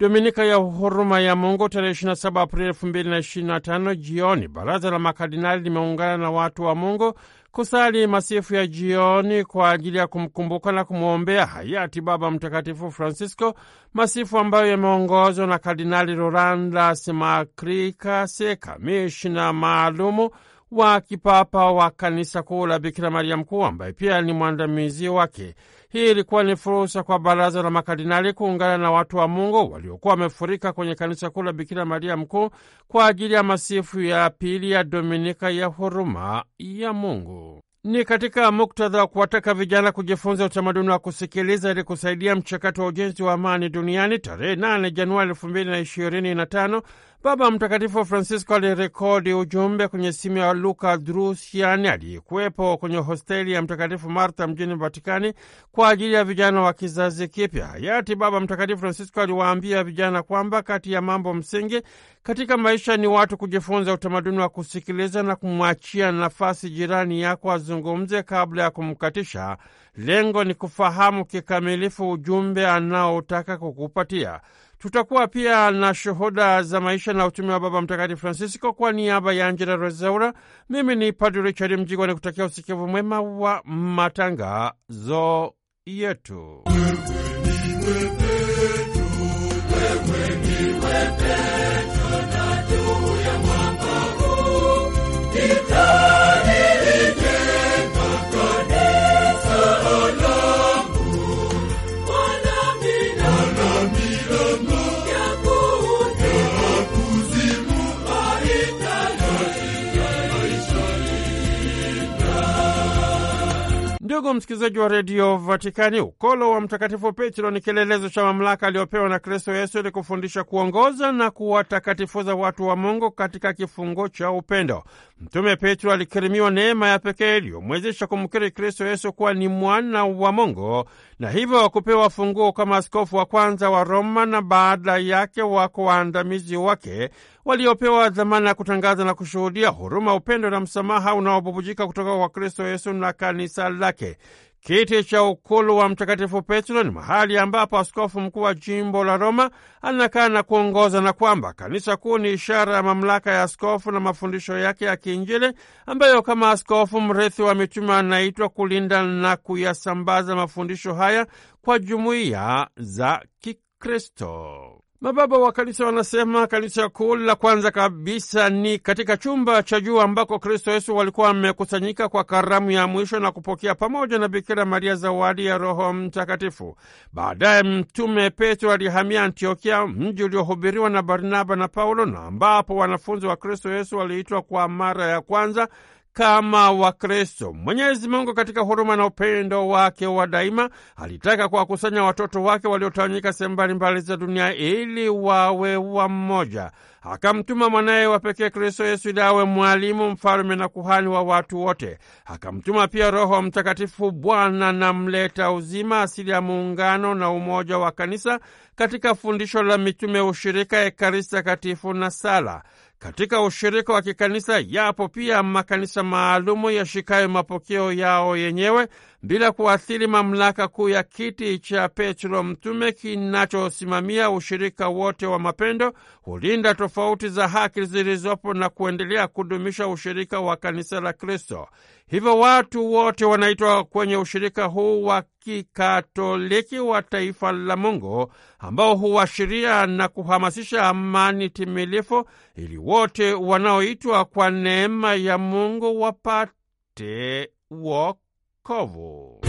Dominika ya huruma ya Mungu tarehe 27 Aprili 2025 jioni, baraza la makardinali limeungana na watu wa Mungu kusali masifu ya jioni kwa ajili ya kumkumbuka na kumwombea hayati Baba Mtakatifu Francisco, masifu ambayo yameongozwa na Kardinali Rolanda Simakrikase, kamishna maalumu wa kipapa wa kanisa kuu la Bikira Maria Mkuu, ambaye pia ni mwandamizi wake. Hii ilikuwa ni fursa kwa baraza la makardinali kuungana na watu wa Mungu waliokuwa wamefurika kwenye kanisa kuu la Bikira Maria Mkuu kwa ajili ya masifu ya pili ya Dominika ya huruma ya Mungu. Ni katika muktadha wa kuwataka vijana kujifunza utamaduni wa kusikiliza ili kusaidia mchakato wa ujenzi wa amani duniani. Tarehe 8 Januari 2025 Baba Mtakatifu Francisco alirekodi ujumbe kwenye simu ya Luca Drusiani aliyekuwepo kwenye hosteli ya Mtakatifu Marta mjini Vatikani kwa ajili ya vijana wa kizazi kipya. Hayati Baba Mtakatifu Francisco aliwaambia vijana kwamba kati ya mambo msingi katika maisha ni watu kujifunza utamaduni wa kusikiliza na kumwachia nafasi jirani yako azungumze kabla ya kumkatisha. Lengo ni kufahamu kikamilifu ujumbe anaotaka kukupatia. Tutakuwa pia na shuhuda za maisha na utume wa Baba Mtakatifu Francisco. Kwa niaba ya Angela Rezaura, mimi ni Padre Richard Mjigwa ni kutakia usikivu mwema wa matangazo yetu. Ndugu msikilizaji wa redio Vatikani, ukolo wa Mtakatifu Petro ni kielelezo cha mamlaka aliyopewa na Kristo Yesu ili kufundisha, kuongoza na kuwatakatifuza watu wa Mungu katika kifungo cha upendo. Mtume Petro alikirimiwa neema ya pekee iliyomwezesha kumkiri Kristo Yesu kuwa ni mwana wa Mungu na hivyo kupewa funguo kama askofu wa kwanza wa Roma, na baada yake wako waandamizi wake waliopewa dhamana ya kutangaza na kushuhudia huruma, upendo na msamaha unaobubujika kutoka kwa Kristo Yesu na kanisa lake. Kiti cha ukulu wa Mtakatifu Petro ni mahali ambapo askofu mkuu wa jimbo la Roma anakaa na kuongoza, na kwamba kanisa kuu ni ishara ya mamlaka ya askofu na mafundisho yake ya kiinjili, ambayo kama askofu mrithi wa mitume anaitwa kulinda na kuyasambaza mafundisho haya kwa jumuiya za Kikristo. Mababa wa kanisa wanasema kanisa kuu la kwanza kabisa ni katika chumba cha juu ambako Kristo Yesu walikuwa wamekusanyika kwa karamu ya mwisho na kupokea pamoja na Bikira Maria zawadi ya Roho Mtakatifu. Baadaye Mtume Petro alihamia Antiokia, mji uliohubiriwa na Barnaba na Paulo, na ambapo wanafunzi wa Kristo Yesu waliitwa kwa mara ya kwanza kama Wakristo. Mwenyezi Mungu katika huruma na upendo wake wa daima alitaka kuwakusanya watoto wake waliotawanyika sehemu mbalimbali za dunia ili wawe wamoja. Akamtuma mwanaye wa pekee Kristo Yesu ili awe mwalimu, mfalme na kuhani wa watu wote. Akamtuma pia Roho Mtakatifu, Bwana na mleta uzima, asili ya muungano na umoja wa kanisa katika fundisho la mitume, ushirika, Ekaristi takatifu na sala. Katika ushirika wa kikanisa yapo pia makanisa maalumu yashikayo mapokeo yao yenyewe bila kuathiri mamlaka kuu ya kiti cha Petro Mtume kinachosimamia ushirika wote wa mapendo, hulinda tofauti za haki zilizopo na kuendelea kudumisha ushirika wa kanisa la Kristo. Hivyo watu wote wanaitwa kwenye ushirika huu wa kikatoliki wa taifa la Mungu ambao huashiria na kuhamasisha amani timilifu ili wote wanaoitwa kwa neema ya Mungu wapate wokovu.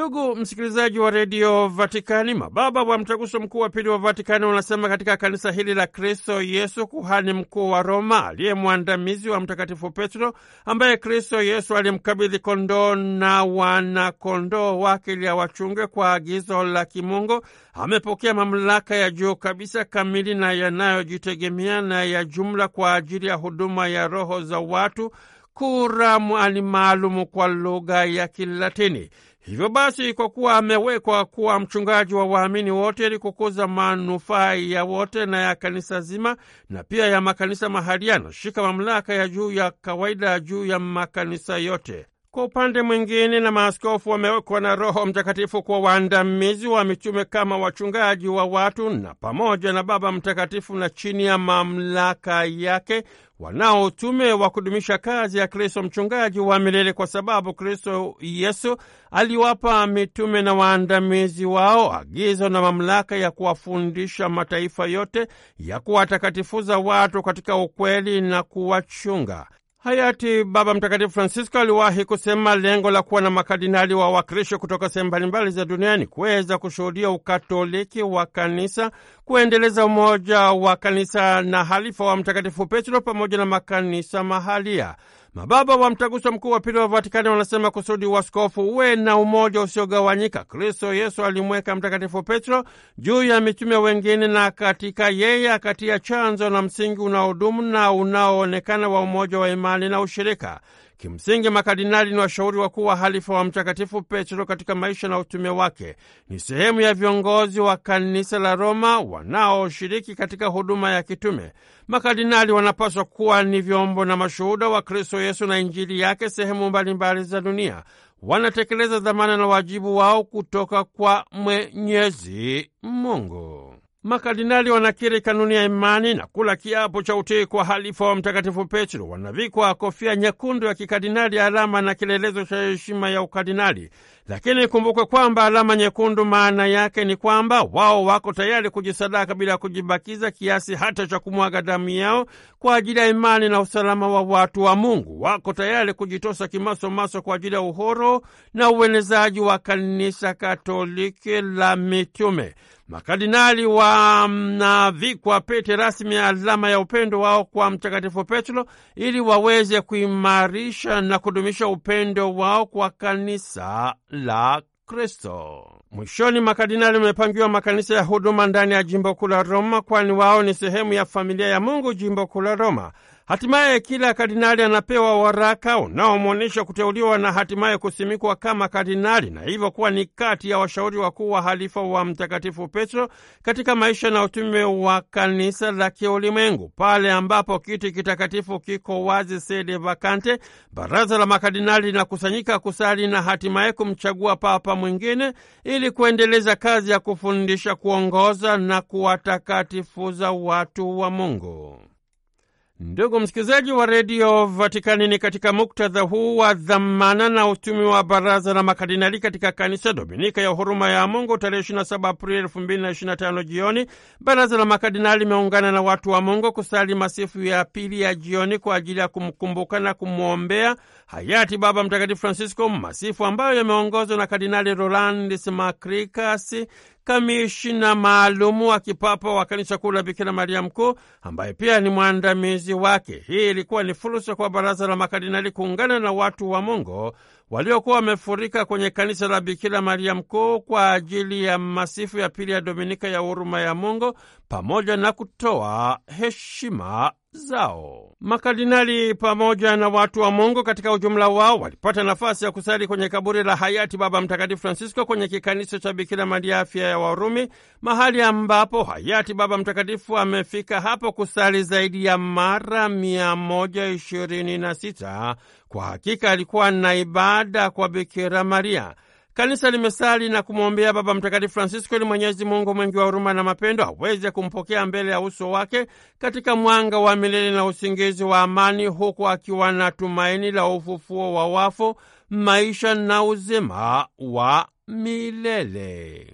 Ndugu msikilizaji wa redio Vatikani, mababa wa mtaguso mkuu wa pili wa Vatikani wanasema katika kanisa hili la Kristo Yesu, kuhani mkuu wa Roma aliye mwandamizi wa Mtakatifu Petro, ambaye Kristo Yesu alimkabidhi kondoo na wanakondoo wake ili awachunge kwa agizo la Kimungu, amepokea mamlaka ya juu kabisa, kamili na yanayojitegemea na ya jumla kwa ajili ya huduma ya roho za watu, kura mwaani maalumu kwa lugha ya Kilatini. Hivyo basi, kwa kuwa amewekwa kuwa mchungaji wa waamini wote ili kukuza manufaa ya wote na ya kanisa zima na pia ya makanisa mahalia, anashika mamlaka ya juu ya kawaida juu ya makanisa yote. Kwa upande mwingine, na maaskofu wamewekwa na Roho Mtakatifu kwa waandamizi wa mitume kama wachungaji wa watu na pamoja na Baba Mtakatifu na chini ya mamlaka yake wanao utume wa kudumisha kazi ya Kristo mchungaji wa milele, kwa sababu Kristo Yesu aliwapa mitume na waandamizi wao agizo na mamlaka ya kuwafundisha mataifa yote, ya kuwatakatifuza watu katika ukweli na kuwachunga. Hayati Baba Mtakatifu Francisco aliwahi kusema lengo la kuwa na makardinali wa wakristo kutoka sehemu mbalimbali za duniani kuweza kushuhudia ukatoliki wa kanisa, kuendeleza umoja wa kanisa na halifa wa Mtakatifu Petro pamoja na makanisa mahalia. Mababa wa Mtaguso Mkuu wa Pili wa Vatikani wanasema kusudi waskofu uwe na umoja usiogawanyika. Kristo Yesu alimweka Mtakatifu Petro juu ya mitume wengine, na katika yeye akatia chanzo na msingi unaodumu na unaoonekana wa umoja wa imani na ushirika. Kimsingi, makardinali ni washauri wakuu wa halifa wa Mtakatifu Petro katika maisha na utume wake. Ni sehemu ya viongozi wa kanisa la Roma wanaoshiriki katika huduma ya kitume. Makardinali wanapaswa kuwa ni vyombo na mashuhuda wa Kristo Yesu na Injili yake sehemu mbalimbali za dunia. Wanatekeleza dhamana na wajibu wao kutoka kwa Mwenyezi Mungu. Makardinali wanakiri kanuni ya imani na kula kiapo cha utii kwa halifa wa Mtakatifu Petro. Wanavikwa kofia nyekundu ya kikardinali, alama na kielelezo cha heshima ya ukardinali. Lakini ikumbukwe kwamba alama nyekundu maana yake ni kwamba wao wako tayari kujisadaka bila kujibakiza, kiasi hata cha kumwaga damu yao kwa ajili ya imani na usalama wa watu wa Mungu. Wako tayari kujitosa kimasomaso kwa ajili ya uhoro na uenezaji wa kanisa Katoliki la mitume. Makardinali wanavikwa pete rasmi ya alama ya upendo wao kwa Mtakatifu Petro ili waweze kuimarisha na kudumisha upendo wao kwa kanisa la Kristo. Mwishoni, makardinali wamepangiwa makanisa ya huduma ndani ya jimbo kuu la Roma, kwani wao ni sehemu ya familia ya Mungu, jimbo kuu la Roma. Hatimaye kila kardinali anapewa waraka unaomwonyesha kuteuliwa na hatimaye kusimikwa kama kardinali na hivyo kuwa ni kati ya washauri wakuu wa halifa wa Mtakatifu Petro katika maisha na utume wa kanisa la kiulimwengu. Pale ambapo kiti kitakatifu kiko wazi, sede vakante, baraza la makardinali linakusanyika kusali na hatimaye kumchagua papa mwingine ili kuendeleza kazi ya kufundisha, kuongoza na kuwatakatifuza watu wa Mungu. Ndugu msikilizaji wa redio Vatikani, ni katika muktadha huu wa dhamana na utumi wa baraza la makardinali katika kanisa dominika ya huruma ya Mungu tarehe 27 Aprili 2025 jioni, baraza la makardinali limeungana na watu wa Mungu kusali masifu ya pili ya jioni kwa ajili ya kumkumbuka na kumwombea hayati Baba Mtakatifu Francisco, masifu ambayo yameongozwa na Kardinali Rolandis macricas kamishina maalumu wa kipapa wa kanisa kuu la Bikira Maria Mkuu, ambaye pia ni mwandamizi wake. Hii ilikuwa ni fursa kwa baraza la makardinali kuungana na watu wa Mungu waliokuwa wamefurika kwenye kanisa la Bikira Maria Mkuu kwa ajili ya masifu ya pili ya Dominika ya huruma ya Mungu pamoja na kutoa heshima zao. Makardinali pamoja na watu wa Mungu katika ujumla wao walipata nafasi ya kusali kwenye kaburi la hayati Baba Mtakatifu Francisco kwenye kikaniso cha Bikira Maria afya ya Warumi, mahali ambapo hayati Baba Mtakatifu amefika hapo kusali zaidi ya mara mia ishirini na sita kwa hakika alikuwa na ibada kwa Bikira Maria. Kanisa limesali na kumwombea Baba Mtakatifu Francisco ili Mwenyezi Mungu mwingi wa huruma na mapendo aweze kumpokea mbele ya uso wake katika mwanga wa milele na usingizi wa amani, huku akiwa na tumaini la ufufuo wa wafu, maisha na uzima wa milele.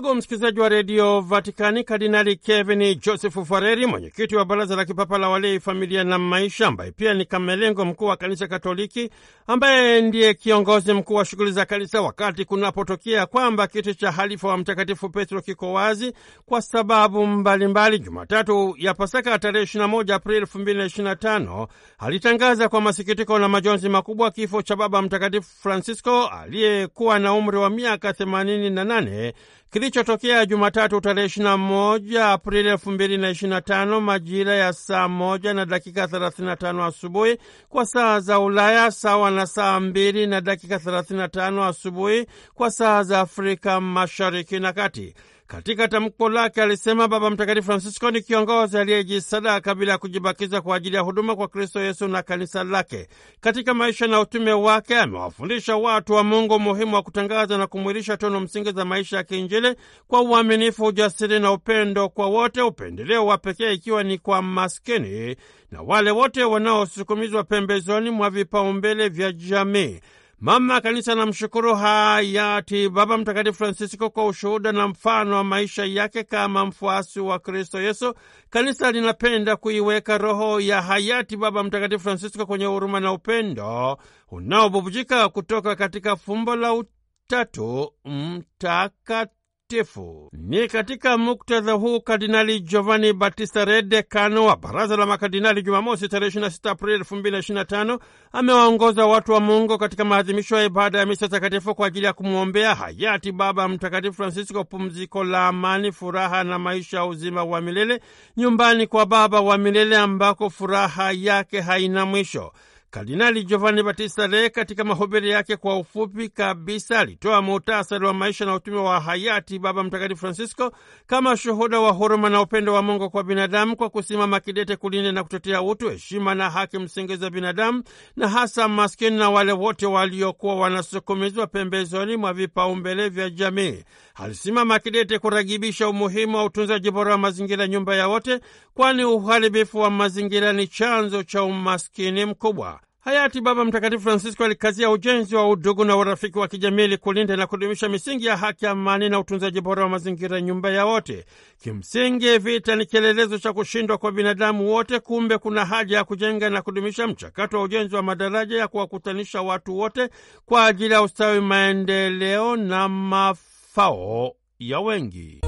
Ndugu msikilizaji wa redio Vatikani, Kardinali Kevin Joseph Fareri, mwenyekiti wa baraza la kipapa la walei, familia na maisha, ambaye pia ni kamelengo mkuu wa kanisa Katoliki, ambaye ndiye kiongozi mkuu wa shughuli za kanisa, wakati kunapotokea kwamba kiti cha halifa wa Mtakatifu Petro kiko wazi kwa sababu mbalimbali, Jumatatu ya Pasaka tarehe 21 Aprili 2025 alitangaza kwa masikitiko na majonzi makubwa kifo cha Baba Mtakatifu Francisco aliyekuwa na umri wa miaka 88 kilichotokea Jumatatu tarehe moja Aprili elfu mbili na tano majira ya saa moja na dakika tano asubuhi kwa saa za Ulaya, sawa na saa mbili na dakika tano asubuhi kwa saa za Afrika Mashariki na Kati. Katika tamko lake alisema Baba Mtakatifu Francisco ni kiongozi aliyejisadaka bila ya kujibakiza kwa ajili ya huduma kwa Kristo Yesu na kanisa lake. Katika maisha na utume wake amewafundisha watu wa Mungu umuhimu wa kutangaza na kumwilisha tono msingi za maisha ya kiinjili kwa uaminifu, ujasiri na upendo kwa wote, upendeleo wa pekee ikiwa ni kwa maskini na wale wote wanaosukumizwa pembezoni mwa vipaumbele vya jamii. Mama Kanisa namshukuru hayati Baba Mtakatifu Francisco kwa ushuhuda na mfano wa maisha yake kama mfuasi wa Kristo Yesu. Kanisa linapenda kuiweka roho ya hayati Baba Mtakatifu Francisco kwenye huruma na upendo unaobubujika kutoka katika fumbo la Utatu Mtakatifu. Mtakatifu. Ni katika muktadha huu Kardinali Giovanni Battista Re, cano wa baraza la makardinali, Jumamosi tarehe 26 Aprili 2025 amewaongoza watu wa Mungu katika maadhimisho ya ibada ya misa takatifu kwa ajili ya kumwombea hayati Baba Mtakatifu Francisco pumziko la amani, furaha na maisha ya uzima wa milele nyumbani kwa Baba wa milele ambako furaha yake haina mwisho. Kardinali Giovanni Battista Re katika mahubiri yake kwa ufupi kabisa alitoa muhtasari wa maisha na utume wa hayati Baba Mtakatifu Francisco kama shuhuda wa huruma na upendo wa Mungu kwa binadamu kwa kusimama kidete kulinda na kutetea utu, heshima na haki msingi za binadamu na hasa maskini na wale wote waliokuwa wanasukumizwa pembezoni mwa vipaumbele vya jamii alisimama kidete kuragibisha umuhimu wa utunzaji bora wa mazingira, nyumba ya wote, kwani uharibifu wa mazingira ni chanzo cha umaskini mkubwa. Hayati Baba Mtakatifu Francisco alikazia ujenzi wa udugu na urafiki wa kijamii ili kulinda na kudumisha misingi ya haki, amani na utunzaji bora wa mazingira, nyumba ya wote. Kimsingi, vita ni kielelezo cha kushindwa kwa binadamu wote. Kumbe kuna haja ya kujenga na kudumisha mchakato wa ujenzi wa madaraja ya kuwakutanisha watu wote kwa ajili ya ustawi, maendeleo na maf fao ya wengi.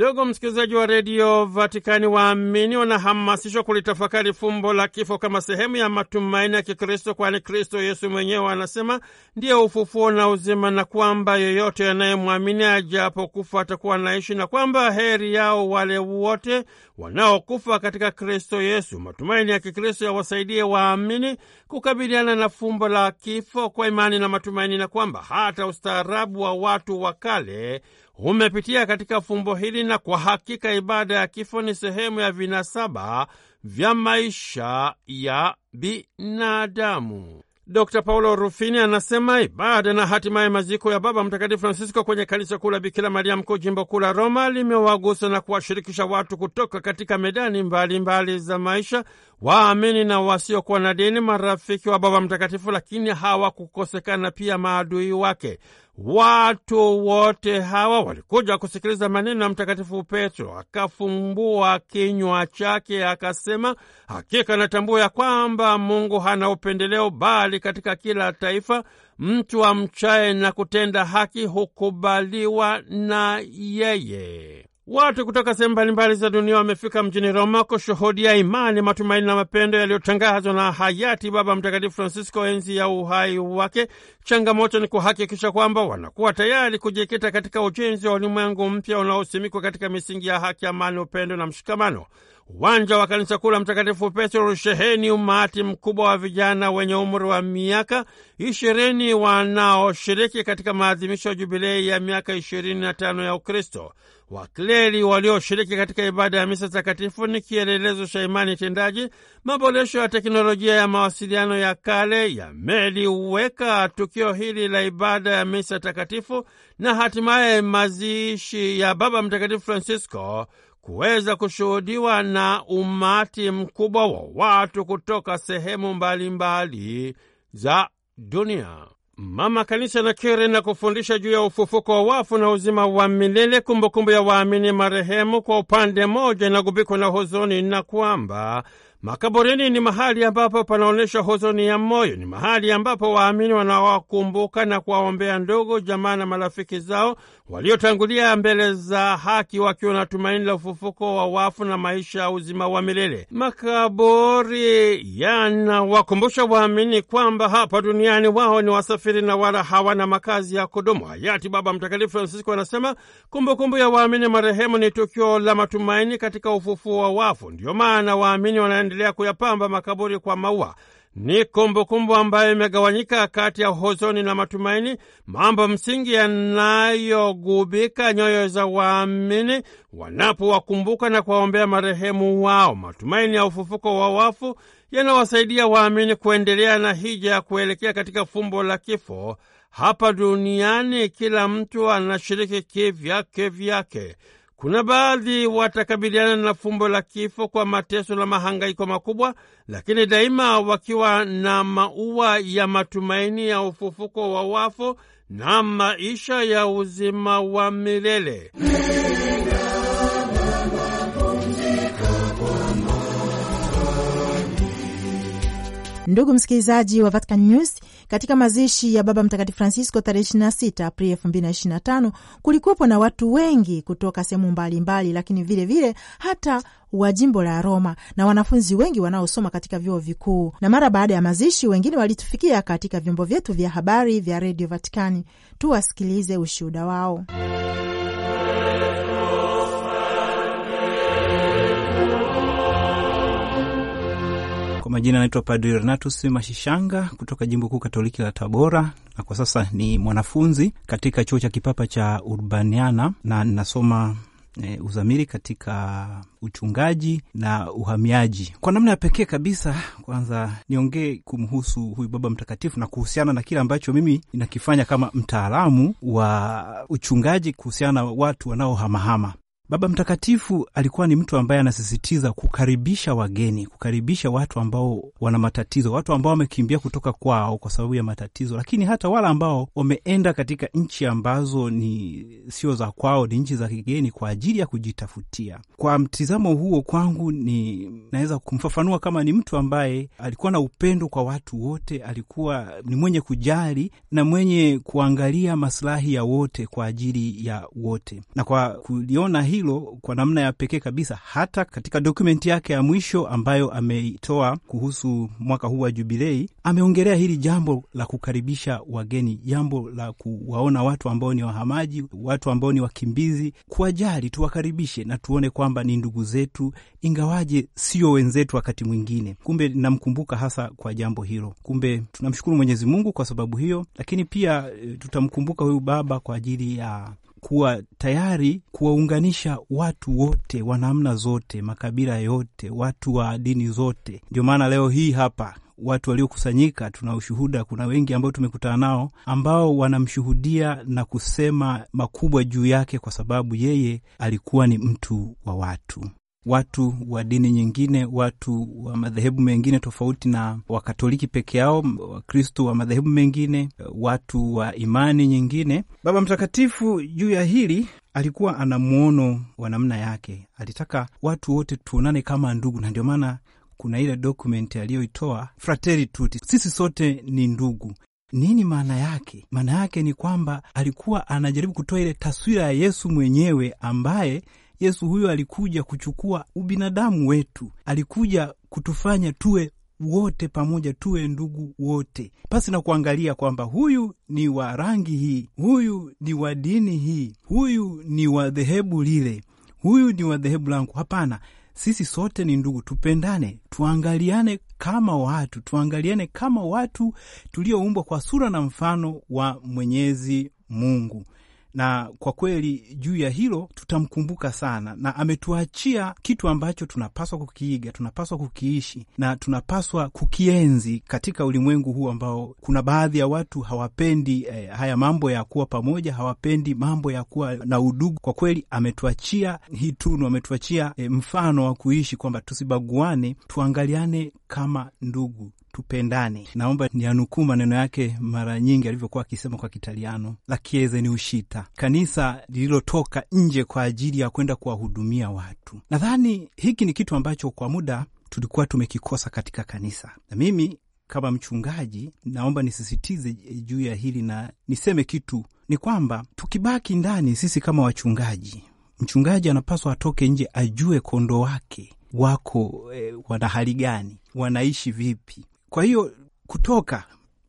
Ndugu msikilizaji wa redio Vatikani, waamini wanahamasishwa kulitafakari fumbo la kifo kama sehemu ya matumaini ya Kikristo, kwani Kristo Yesu mwenyewe anasema ndiye ufufuo na uzima, na kwamba yeyote anayemwamini ajapokufa atakuwa naishi na kwamba heri yao wale wote wanaokufa katika Kristo Yesu. Matumaini ya Kikristo yawasaidie waamini kukabiliana na fumbo la kifo kwa imani na matumaini, na kwamba hata ustaarabu wa watu wa kale umepitia katika fumbo hili, na kwa hakika ibada ya kifo ni sehemu ya vinasaba vya maisha ya binadamu. d Paulo Rufini anasema ibada na hatimaye maziko ya Baba Mtakatifu Francisco kwenye kanisa kuu la Bikira Maria Mkuu, jimbo kuu la Roma, limewagusa na kuwashirikisha watu kutoka katika medani mbalimbali mbali za maisha waamini na wasiokuwa na dini, marafiki wa Baba Mtakatifu, lakini hawakukosekana pia maadui wake. Watu wote hawa walikuja kusikiliza maneno ya Mtakatifu Petro, akafumbua kinywa chake akasema, hakika natambua ya kwamba Mungu hana upendeleo, bali katika kila taifa mtu amchaye na kutenda haki hukubaliwa na yeye. Watu kutoka sehemu mbalimbali za dunia wamefika mjini Roma kushuhudia imani, matumaini na mapendo yaliyotangazwa na hayati Baba Mtakatifu Francisco enzi ya uhai wake. Changamoto ni kuhakikisha kwamba wanakuwa tayari kujikita katika ujenzi wa ulimwengu mpya unaosimikwa katika misingi ya haki, amani, upendo na mshikamano. Uwanja wa kanisa kuu la Mtakatifu Petro usheheni umati mkubwa wa vijana wenye umri wa miaka ishirini wanaoshiriki katika maadhimisho ya jubilei ya miaka ishirini na tano ya Ukristo. Wakleri walioshiriki katika ibada ya misa takatifu ni kielelezo cha imani tendaji, maboresho ya teknolojia ya mawasiliano ya kale yameliweka tukio hili la ibada ya misa takatifu na hatimaye mazishi ya Baba Mtakatifu Francisco kuweza kushuhudiwa na umati mkubwa wa watu kutoka sehemu mbalimbali mbali za dunia. Mama Kanisa nakiri na kufundisha juu ya ufufuko wa wafu na uzima wa milele, kumbukumbu ya waamini marehemu, kwa upande mmoja inagubikwa na huzuni na kwamba makaburini ni mahali ambapo panaonyesha huzuni ya moyo. Ni mahali ambapo waamini wanawakumbuka na kuwaombea ndugu, jamaa na marafiki zao waliotangulia mbele za haki wakiwa na tumaini la ufufuko wa wafu na maisha ya uzima wa milele. Makaburi yanawakumbusha waamini kwamba hapa duniani wao ni wasafiri na wala hawana makazi ya kudumu. Hayati Baba Mtakatifu Francisco anasema kumbukumbu ya waamini marehemu ni tukio la matumaini katika ufufuo wa wafu. Ndiyo maana waamini wanaendelea kuyapamba makaburi kwa maua ni kumbukumbu ambayo imegawanyika kati ya huzuni na matumaini, mambo msingi yanayogubika nyoyo za waamini wanapowakumbuka na kuwaombea marehemu wao. Matumaini ya ufufuko wa wafu yanawasaidia waamini kuendelea na hija ya kuelekea katika fumbo la kifo hapa duniani. Kila mtu anashiriki kivyake vyake. Kuna baadhi watakabiliana na fumbo la kifo kwa mateso na mahangaiko makubwa, lakini daima wakiwa na maua ya matumaini ya ufufuko wa wafu na maisha ya uzima wa milele. Ndugu msikilizaji wa Vatican News katika mazishi ya Baba Mtakatifu Francisco tarehe 26 Aprili 2025 kulikuwepo na watu wengi kutoka sehemu mbalimbali, lakini vilevile vile hata wa jimbo la Roma na wanafunzi wengi wanaosoma katika vyuo vikuu. Na mara baada ya mazishi, wengine walitufikia katika vyombo vyetu vya habari vya redio vaticani tuwasikilize ushuhuda wao. Kwa majina anaitwa Padri Renatus Mashishanga kutoka jimbo kuu katoliki la Tabora, na kwa sasa ni mwanafunzi katika chuo cha kipapa cha Urbaniana na ninasoma e, eh, uzamiri katika uchungaji na uhamiaji. Kwa namna ya pekee kabisa, kwanza niongee kumhusu huyu Baba Mtakatifu na kuhusiana na kile ambacho mimi ninakifanya kama mtaalamu wa uchungaji kuhusiana na watu wanaohamahama. Baba Mtakatifu alikuwa ni mtu ambaye anasisitiza kukaribisha wageni, kukaribisha watu ambao wana matatizo, watu ambao wamekimbia kutoka kwao kwa sababu ya matatizo, lakini hata wale ambao wameenda katika nchi ambazo ni sio za kwao, ni nchi za kigeni kwa ajili ya kujitafutia. Kwa mtizamo huo, kwangu ni naweza kumfafanua kama ni mtu ambaye alikuwa na upendo kwa watu wote, alikuwa ni mwenye kujali na mwenye kuangalia masilahi ya wote kwa ajili ya wote, na kwa kuliona hii hilo kwa namna ya pekee kabisa, hata katika dokumenti yake ya mwisho ambayo ameitoa kuhusu mwaka huu wa Jubilei, ameongelea hili jambo la kukaribisha wageni, jambo la kuwaona watu ambao ni wahamaji, watu ambao ni wakimbizi, kuwajali, tuwakaribishe na tuone kwamba ni ndugu zetu, ingawaje sio wenzetu wakati mwingine. Kumbe namkumbuka hasa kwa jambo hilo. Kumbe tunamshukuru Mwenyezi Mungu kwa sababu hiyo, lakini pia eh, tutamkumbuka huyu baba kwa ajili ya kuwa tayari kuwaunganisha watu wote wa namna zote, makabila yote, watu wa dini zote. Ndio maana leo hii hapa watu waliokusanyika tuna ushuhuda. Kuna wengi ambao tumekutana nao ambao wanamshuhudia na kusema makubwa juu yake, kwa sababu yeye alikuwa ni mtu wa watu watu wa dini nyingine, watu wa madhehebu mengine tofauti na Wakatoliki peke yao, Wakristo wa madhehebu mengine, watu wa imani nyingine. Baba Mtakatifu juu ya hili alikuwa ana mwono wa namna yake, alitaka watu wote tuonane kama ndugu, na ndio maana kuna ile dokumenti aliyoitoa Frateri Tuti, sisi sote ni ndugu. Nini maana yake? Maana yake ni kwamba alikuwa anajaribu kutoa ile taswira ya Yesu mwenyewe ambaye Yesu huyo alikuja kuchukua ubinadamu wetu, alikuja kutufanya tuwe wote pamoja, tuwe ndugu wote, pasi na kuangalia kwamba huyu ni wa rangi hii, huyu ni wa dini hii, huyu ni wa dhehebu lile, huyu ni wa dhehebu langu. Hapana, sisi sote ni ndugu, tupendane, tuangaliane kama watu, tuangaliane kama watu tulioumbwa kwa sura na mfano wa Mwenyezi Mungu na kwa kweli juu ya hilo tutamkumbuka sana, na ametuachia kitu ambacho tunapaswa kukiiga, tunapaswa kukiishi na tunapaswa kukienzi katika ulimwengu huu ambao kuna baadhi ya watu hawapendi eh, haya mambo ya kuwa pamoja, hawapendi mambo ya kuwa na udugu. Kwa kweli ametuachia hii tunu, ametuachia eh, mfano wa kuishi kwamba tusibaguane, tuangaliane kama ndugu tupendane. Naomba nianukuu maneno yake mara nyingi alivyokuwa akisema kwa Kitaliano, la chiesa ni ushita, kanisa lililotoka nje kwa ajili ya kwenda kuwahudumia watu. Nadhani hiki ni kitu ambacho kwa muda tulikuwa tumekikosa katika kanisa, na mimi kama mchungaji naomba nisisitize juu ya hili na niseme kitu ni kwamba tukibaki ndani sisi kama wachungaji, mchungaji anapaswa atoke nje, ajue kondoo wake wako e, wana hali gani, wanaishi vipi, kwa hiyo kutoka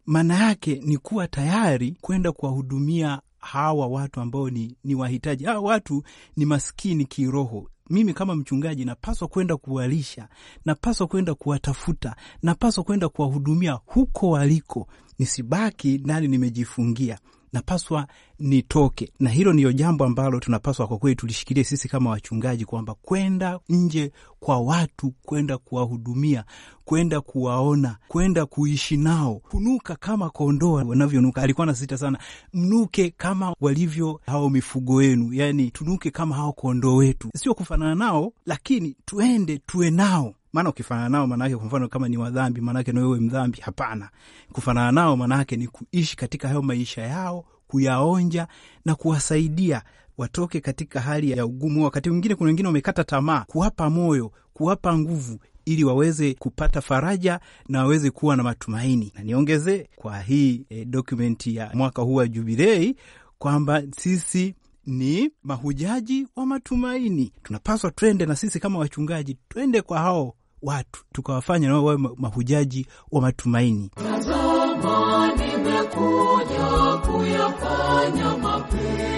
maana yake ni kuwa tayari kwenda kuwahudumia hawa watu ambao ni, ni wahitaji. Hawa watu ni maskini kiroho. Mimi kama mchungaji napaswa kwenda kuwalisha, napaswa kwenda kuwatafuta, napaswa kwenda kuwahudumia huko waliko, nisibaki ndani nimejifungia napaswa nitoke, na hilo ndiyo jambo ambalo tunapaswa kwa kweli tulishikilie sisi kama wachungaji, kwamba kwenda nje kwa watu, kwenda kuwahudumia, kwenda kuwaona, kwenda kuishi nao, kunuka kama kondoo wanavyonuka. Alikuwa sita sana, mnuke kama walivyo hao mifugo wenu, yani tunuke kama hao kondoo wetu, sio kufanana nao, lakini tuende tuwe nao maana ukifanana nao maanake, kwa mfano kama ni wadhambi, maanake nawewe mdhambi? Hapana, kufanana nao maanake ni kuishi katika hayo maisha yao, kuyaonja na kuwasaidia watoke katika hali ya ugumu. Wakati mwingine kuna wengine wamekata tamaa, kuwapa moyo, kuwapa nguvu ili waweze kupata faraja na waweze kuwa na matumaini. Na niongeze kwa hii e, dokumenti ya mwaka huu wa Jubilei kwamba sisi ni mahujaji wa matumaini. Tunapaswa twende na sisi kama wachungaji, twende kwa hao watu, tukawafanya nao wawe mahujaji wa matumaini. Tazama, nimekuja kuyafanya mapema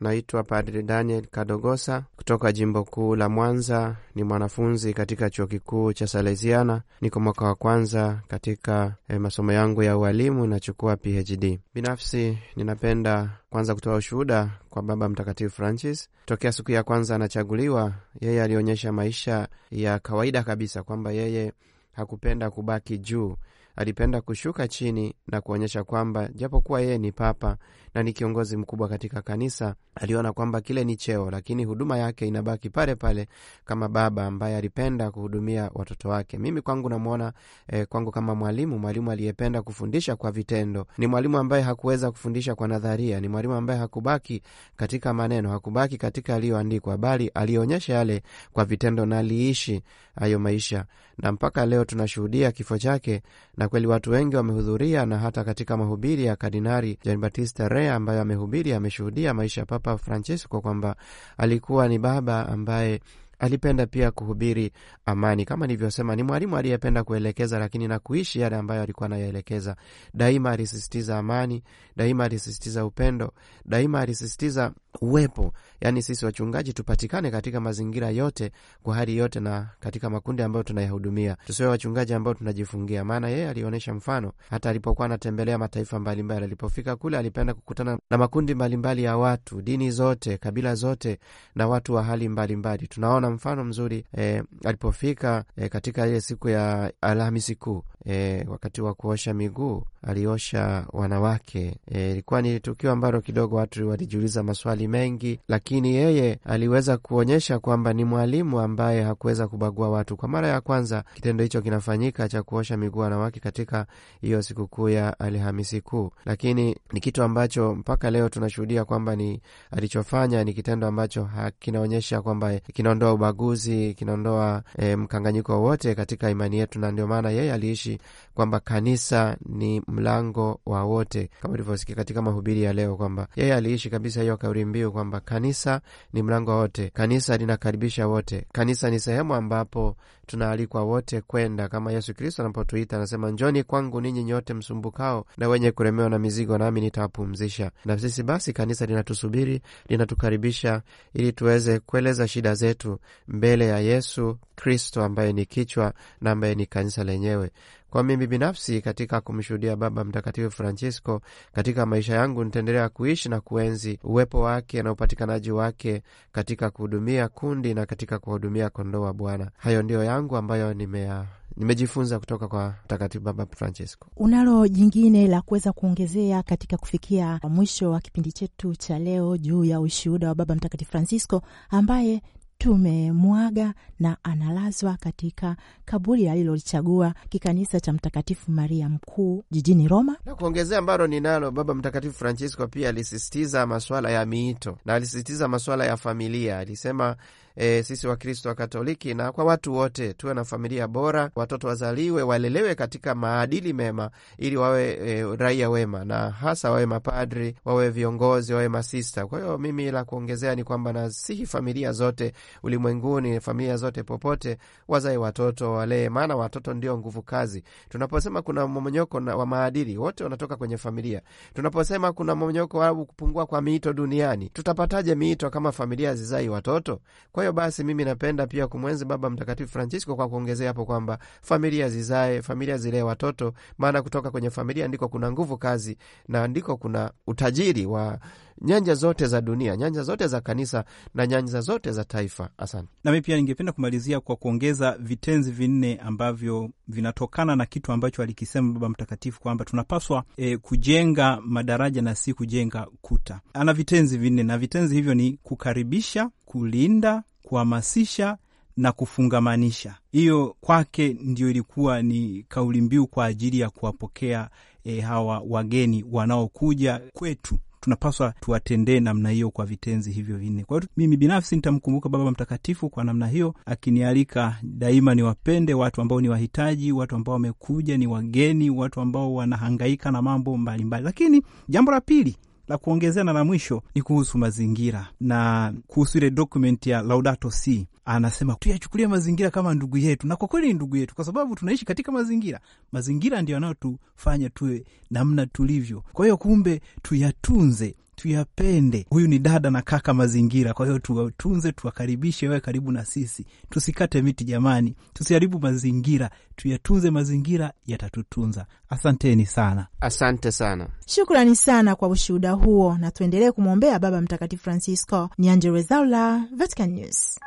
Naitwa Padri Daniel Kadogosa kutoka jimbo kuu la Mwanza. Ni mwanafunzi katika chuo kikuu cha Salesiana, niko mwaka wa kwanza katika eh, masomo yangu ya ualimu, nachukua PhD. Binafsi ninapenda kwanza kutoa ushuhuda kwa Baba Mtakatifu Francis. Tokea siku ya kwanza anachaguliwa, yeye alionyesha maisha ya kawaida kabisa, kwamba yeye hakupenda kubaki juu, alipenda kushuka chini na kuonyesha kwamba japokuwa yeye ni papa na ni kiongozi mkubwa katika kanisa, aliona kwamba kile ni cheo, lakini huduma yake inabaki pale pale kama baba ambaye alipenda kuhudumia watoto wake. Mimi kwangu namwona eh, kwangu kama mwalimu, mwalimu aliyependa kufundisha kwa vitendo, ni mwalimu ambaye hakuweza kufundisha kwa nadharia, ni mwalimu ambaye hakubaki katika maneno, hakubaki katika aliyoandikwa, bali alionyesha yale kwa vitendo na aliishi hayo maisha, na mpaka leo tunashuhudia kifo chake, na kweli watu wengi wamehudhuria na hata katika mahubiri ya Kardinari Jean Batista Korea ambayo amehubiri ameshuhudia maisha ya Papa Francesco kwamba alikuwa ni baba ambaye Alipenda pia kuhubiri amani. Kama nilivyosema, ni mwalimu aliyependa kuelekeza, lakini na kuishi yale ambayo alikuwa anayaelekeza. Daima alisisitiza amani, daima alisisitiza upendo, daima alisisitiza uwepo, yani sisi wachungaji tupatikane katika mazingira yote, kwa hali yote, na katika makundi ambayo tunayahudumia, tusiwe wachungaji ambao tunajifungia. Maana yeye alionyesha mfano, hata alipokuwa anatembelea mataifa mbalimbali, alipofika kule alipenda kukutana na makundi mbalimbali ya watu, dini zote, kabila zote, na watu wa hali mbalimbali. Tunaona mfano mzuri e, alipofika e, katika ile siku ya Alhamisi Kuu e, wakati wa kuosha miguu aliosha wanawake. E, ilikuwa e, ni tukio ambalo kidogo watu walijiuliza maswali mengi, lakini yeye aliweza kuonyesha kwamba ni mwalimu ambaye hakuweza kubagua watu. Kwa mara ya kwanza kitendo hicho kinafanyika cha kuosha miguu wanawake katika hiyo sikukuu ya Alhamisi Kuu, lakini ni kitu ambacho mpaka leo tunashuhudia kwamba ni alichofanya ni kitendo ambacho kinaonyesha kwamba kinaondoa ubaguzi, kinaondoa e, eh, mkanganyiko wowote katika imani yetu, na ndio maana yeye aliishi kwamba kanisa ni mlango wa wote, kama ulivyosikia katika mahubiri ya leo kwamba yeye aliishi kabisa hiyo kauli mbiu kwamba kanisa ni mlango wa wote, kanisa linakaribisha wote, kanisa ni sehemu ambapo tunaalikwa wote kwenda, kama Yesu Kristo anapotuita anasema, njoni kwangu ninyi nyote msumbukao na wenye kuremewa na mizigo, nami nitawapumzisha. Na sisi basi, kanisa linatusubiri, linatukaribisha ili tuweze kueleza shida zetu mbele ya Yesu Kristo ambaye ni kichwa na ambaye ni kanisa lenyewe. Kwa mimi binafsi, katika kumshuhudia Baba Mtakatifu Francisco katika maisha yangu, nitaendelea kuishi na kuenzi uwepo wake na upatikanaji wake katika kuhudumia kundi na katika kuwahudumia kondoo wa Bwana. Hayo ndiyo yangu ambayo nimea nimejifunza kutoka kwa Mtakatifu Baba Francisco. Unalo jingine la kuweza kuongezea katika kufikia mwisho wa kipindi chetu cha leo juu ya ushuhuda wa Baba Mtakatifu Francisco ambaye tumemwaga na analazwa katika kaburi alilolichagua kikanisa cha Mtakatifu Maria Mkuu jijini Roma. Na kuongezea ambalo ninalo, Baba Mtakatifu Francisco pia alisisitiza masuala ya miito na alisisitiza masuala ya familia. Alisema e, sisi Wakristo wa Katoliki na kwa watu wote tuwe na familia bora, watoto wazaliwe, walelewe katika maadili mema ili wawe e, raia wema, na hasa wawe mapadri, wawe viongozi, wawe masista. Kwa hiyo mimi la kuongezea ni kwamba nasihi familia zote ulimwenguni, familia zote, popote, wazae watoto, walee, maana watoto ndio nguvu kazi. Tunaposema kuna mmomonyoko wa maadili, wote wanatoka kwenye familia. Tunaposema kuna mmomonyoko au kupungua kwa miito duniani, tutapataje miito kama familia zizai watoto? Kwa hiyo basi, mimi napenda pia kumwenzi Baba Mtakatifu Francisco kwa kuongezea hapo kwamba familia zizae, familia zilee watoto, maana kutoka kwenye familia ndiko kuna nguvu kazi na ndiko kuna utajiri wa nyanja zote za dunia, nyanja zote za kanisa na nyanja zote za taifa. Asante. Nami pia ningependa kumalizia kwa kuongeza vitenzi vinne ambavyo vinatokana na kitu ambacho alikisema Baba Mtakatifu kwamba tunapaswa e, kujenga madaraja na si kujenga kuta. Ana vitenzi vinne na vitenzi hivyo ni kukaribisha, kulinda, kuhamasisha na kufungamanisha. Hiyo kwake ndio ilikuwa ni kauli mbiu kwa ajili ya kuwapokea e, hawa wageni wanaokuja kwetu tunapaswa tuwatendee namna hiyo kwa vitenzi hivyo vinne. Kwa hiyo mimi binafsi nitamkumbuka Baba Mtakatifu kwa namna hiyo, akinialika daima niwapende watu ambao ni wahitaji, watu ambao wamekuja ni wageni, watu ambao wanahangaika na mambo mbalimbali mbali. Lakini jambo la pili la kuongezea na la mwisho ni kuhusu mazingira na kuhusu ile dokumenti ya Laudato Si, anasema tuyachukulia mazingira kama ndugu yetu, na kwa kweli ni ndugu yetu, kwa sababu tunaishi katika mazingira. Mazingira ndio yanayotufanya tuwe namna tulivyo. Kwa hiyo kumbe tuyatunze tuyapende. Huyu ni dada na kaka mazingira, kwa hiyo tuwatunze, tuwakaribishe wawe karibu na sisi. Tusikate miti jamani, tusiharibu mazingira, tuyatunze mazingira, yatatutunza. Asanteni sana, asante sana, shukrani sana kwa ushuhuda huo, na tuendelee kumwombea Baba Mtakatifu Francisco. Ni Angella Rwezaula, Vatican News.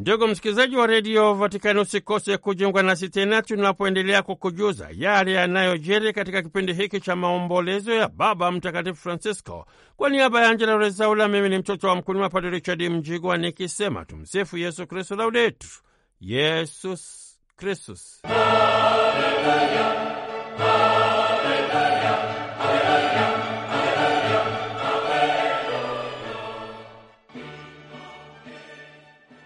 Ndugu msikilizaji wa redio Vatikani, usikose kujiunga nasi tena tunapoendelea kukujuza yale yanayojiri katika kipindi hiki cha maombolezo ya Baba Mtakatifu Francisco. Kwa niaba ya Angela Rezaula, mimi ni mtoto wa mkulima Padre Richard Mjigwa nikisema tumsifu Yesu Kristu, laudetu Yesus Kristus.